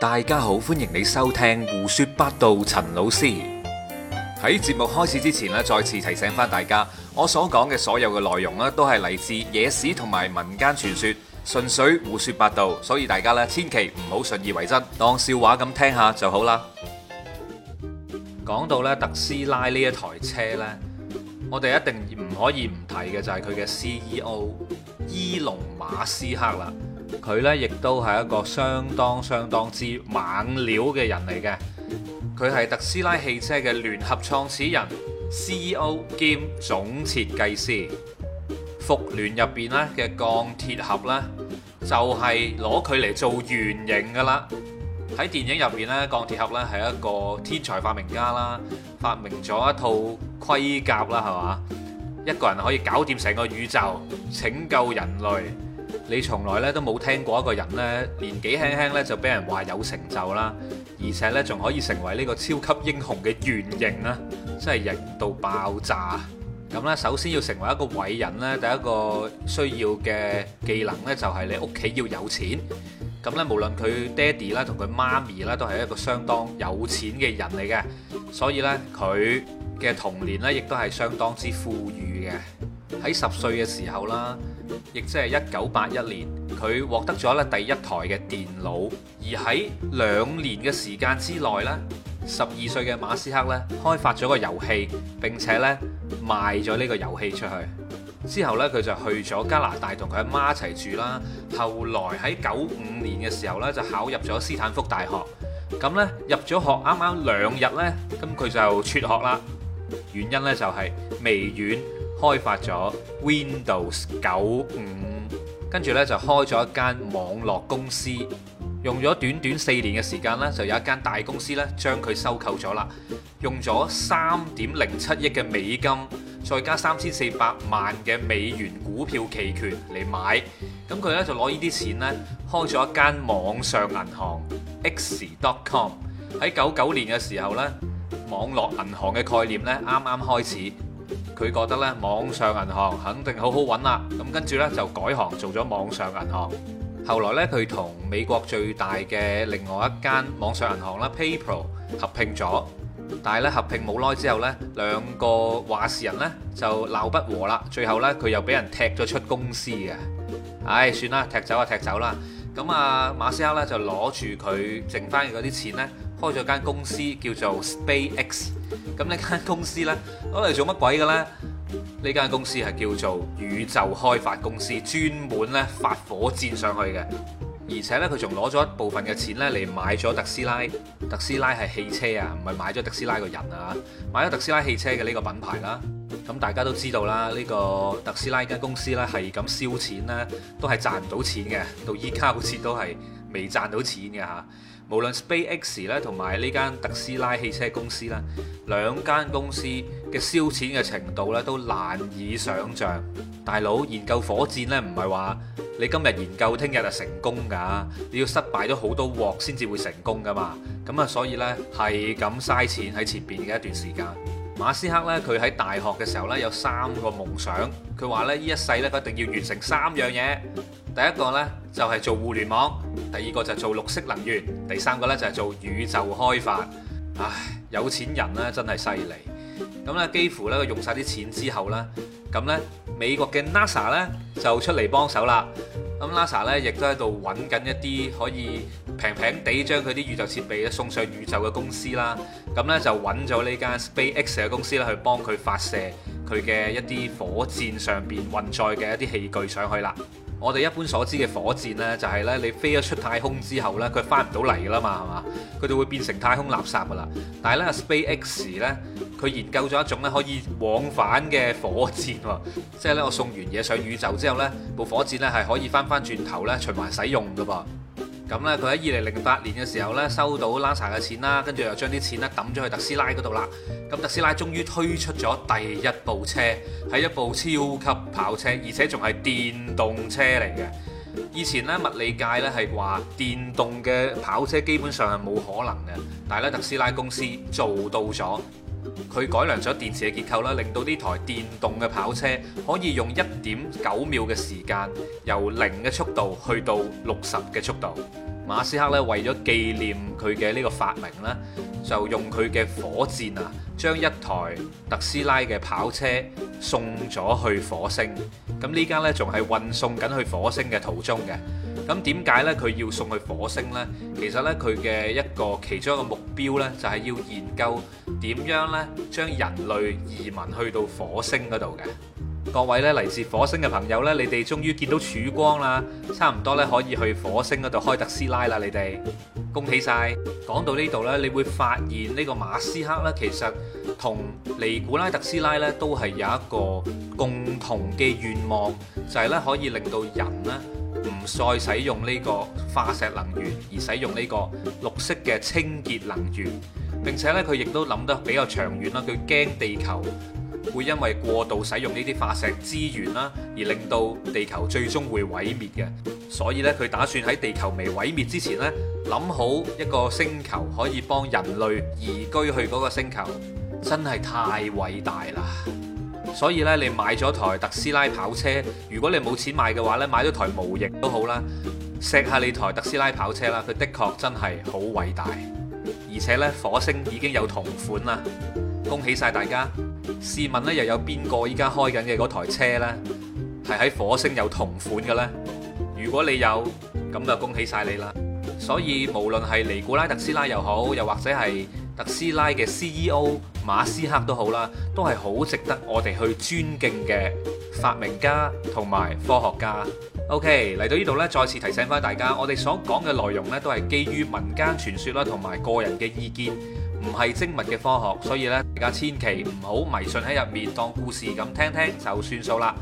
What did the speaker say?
大家好，歡迎你收聽胡說八道。陳老師喺節目開始之前咧，再次提醒翻大家，我所講嘅所有嘅內容咧，都係嚟自野史同埋民間傳說，純粹胡說八道，所以大家咧千祈唔好信以為真，當笑話咁聽下就好啦。講到咧特斯拉呢一台車呢。我哋一定唔可以唔提嘅就係佢嘅 C.E.O. 伊隆馬斯克啦，佢呢亦都係一個相當相當之猛料嘅人嚟嘅。佢係特斯拉汽車嘅聯合創始人、C.E.O. 兼總設計師。復聯入邊呢嘅鋼鐵俠呢，就係攞佢嚟做原型噶啦。喺電影入邊呢，鋼鐵俠呢係一個天才發明家啦，發明咗一套盔甲啦，係嘛？一個人可以搞掂成個宇宙，拯救人類。你從來咧都冇聽過一個人咧年紀輕輕咧就俾人話有成就啦，而且咧仲可以成為呢個超級英雄嘅原型啦，真係型到爆炸。咁呢，首先要成為一個偉人呢，第一個需要嘅技能呢，就係你屋企要有錢。咁呢，無論佢爹哋啦、同佢媽咪啦，都係一個相當有錢嘅人嚟嘅，所以呢，佢。嘅童年咧，亦都係相當之富裕嘅。喺十歲嘅時候啦，亦即係一九八一年，佢獲得咗咧第一台嘅電腦。而喺兩年嘅時間之內咧，十二歲嘅馬斯克咧開發咗個遊戲，並且咧賣咗呢個遊戲出去。之後咧，佢就去咗加拿大同佢阿媽一齊住啦。後來喺九五年嘅時候咧，就考入咗斯坦福大學。咁咧入咗學啱啱兩日咧，咁佢就輟學啦。原因呢,就係微軟開發咗 Windows 95, 跟住呢,就開咗一間網絡公司,用咗短短四年嘅時間呢,就有一間大公司呢,將佢收購咗啦,用咗3.07億嘅美金,再加3400萬嘅美元股票期權嚟買,咁佢呢,就攞呢啲錢呢,開咗一間網上銀行 X.com, 喺99年嘅時候呢,網絡銀行嘅概念咧，啱啱開始，佢覺得咧，網上銀行肯定好好揾啦，咁跟住咧就改行做咗網上銀行。後來咧，佢同美國最大嘅另外一間網上銀行啦，PayPal 合併咗，但係咧，合併冇耐之後咧，兩個話事人咧就鬧不和啦，最後咧，佢又俾人踢咗出公司嘅。唉，算啦，踢走啊踢走啦。咁啊，馬斯克咧就攞住佢剩翻嘅嗰啲錢咧。開咗間公司叫做 SpaceX，咁呢間公司呢，攞嚟做乜鬼嘅咧？呢間公司係叫做宇宙開發公司，專門呢發火箭上去嘅。而且呢，佢仲攞咗一部分嘅錢呢嚟買咗特斯拉。特斯拉係汽車啊，唔係買咗特斯拉個人啊，買咗特斯拉汽車嘅呢個品牌啦、啊。咁大家都知道啦，呢、這個特斯拉間公司呢，係咁燒錢啦，都係賺唔到錢嘅，到依家好似都係未賺到錢嘅嚇。無論 SpaceX 咧同埋呢間特斯拉汽車公司啦，兩間公司嘅燒錢嘅程度咧都難以想像。大佬研究火箭咧，唔係話你今日研究，聽日就成功㗎，你要失敗咗好多鑊先至會成功㗎嘛。咁啊，所以呢，係咁嘥錢喺前邊嘅一段時間。馬斯克咧，佢喺大學嘅時候咧，有三個夢想。佢話咧，呢一世咧，佢一定要完成三樣嘢。第一個咧就係做互聯網，第二個就係做綠色能源，第三個咧就係做宇宙開發。唉，有錢人咧真係犀利。咁咧，幾乎咧用晒啲錢之後咧，咁咧美國嘅 NASA 咧就出嚟幫手啦。咁 NASA 咧，亦都喺度揾緊一啲可以平平地將佢啲宇宙設備咧送上宇宙嘅公司啦。咁咧就揾咗呢間 SpaceX 嘅公司咧，去幫佢發射佢嘅一啲火箭上邊運載嘅一啲器具上去啦。我哋一般所知嘅火箭呢，就係、是、呢你飛咗出太空之後呢，佢翻唔到嚟噶啦嘛，係嘛？佢就會變成太空垃圾噶啦。但係呢 SpaceX 呢，佢研究咗一種呢，可以往返嘅火箭喎，即係呢，我送完嘢上宇宙之後呢，部火箭呢係可以翻翻轉頭呢，循環使用噶噃。咁咧，佢喺二零零八年嘅時候咧，收到 NASA 嘅錢啦，跟住又將啲錢咧抌咗去特斯拉嗰度啦。咁特斯拉終於推出咗第一部車，係一部超級跑車，而且仲係電動車嚟嘅。以前呢，物理界呢係話電動嘅跑車基本上係冇可能嘅，但係咧特斯拉公司做到咗。佢改良咗電池嘅結構啦，令到呢台電動嘅跑車可以用一點九秒嘅時間由零嘅速度去到六十嘅速度。馬斯克咧為咗紀念佢嘅呢個發明咧，就用佢嘅火箭啊，將一台特斯拉嘅跑車送咗去火星。咁呢家咧仲係運送緊去火星嘅途中嘅。咁點解呢？佢要送去火星呢？其實呢，佢嘅一個其中一個目標呢，就係要研究點樣呢，將人類移民去到火星嗰度嘅。各位呢，嚟自火星嘅朋友呢，你哋終於見到曙光啦！差唔多呢，可以去火星嗰度開特斯拉啦！你哋恭喜晒。講到呢度呢，你會發現呢個馬斯克呢，其實同尼古拉特斯拉呢，都係有一個共同嘅願望，就係呢可以令到人呢。唔再使用呢個化石能源，而使用呢個綠色嘅清潔能源，並且呢，佢亦都諗得比較長遠啦。佢驚地球會因為過度使用呢啲化石資源啦，而令到地球最終會毀滅嘅。所以呢，佢打算喺地球未毀滅之前呢，諗好一個星球可以幫人類移居去嗰個星球，真係太偉大啦！所以咧，你買咗台特斯拉跑車，如果你冇錢買嘅話咧，買咗台模型都好啦，錫下你台特斯拉跑車啦，佢的確真係好偉大，而且呢，火星已經有同款啦，恭喜晒大家！試問呢，又有邊個依家開緊嘅嗰台車呢？係喺火星有同款嘅呢？如果你有，咁就恭喜晒你啦！所以無論係尼古拉特斯拉又好，又或者係，特斯拉嘅 CEO 馬斯克都好啦，都係好值得我哋去尊敬嘅發明家同埋科學家。OK，嚟到呢度呢，再次提醒翻大家，我哋所講嘅內容呢，都係基於民間傳說啦，同埋個人嘅意見，唔係精密嘅科學，所以呢，大家千祈唔好迷信喺入面，當故事咁聽聽就算數啦。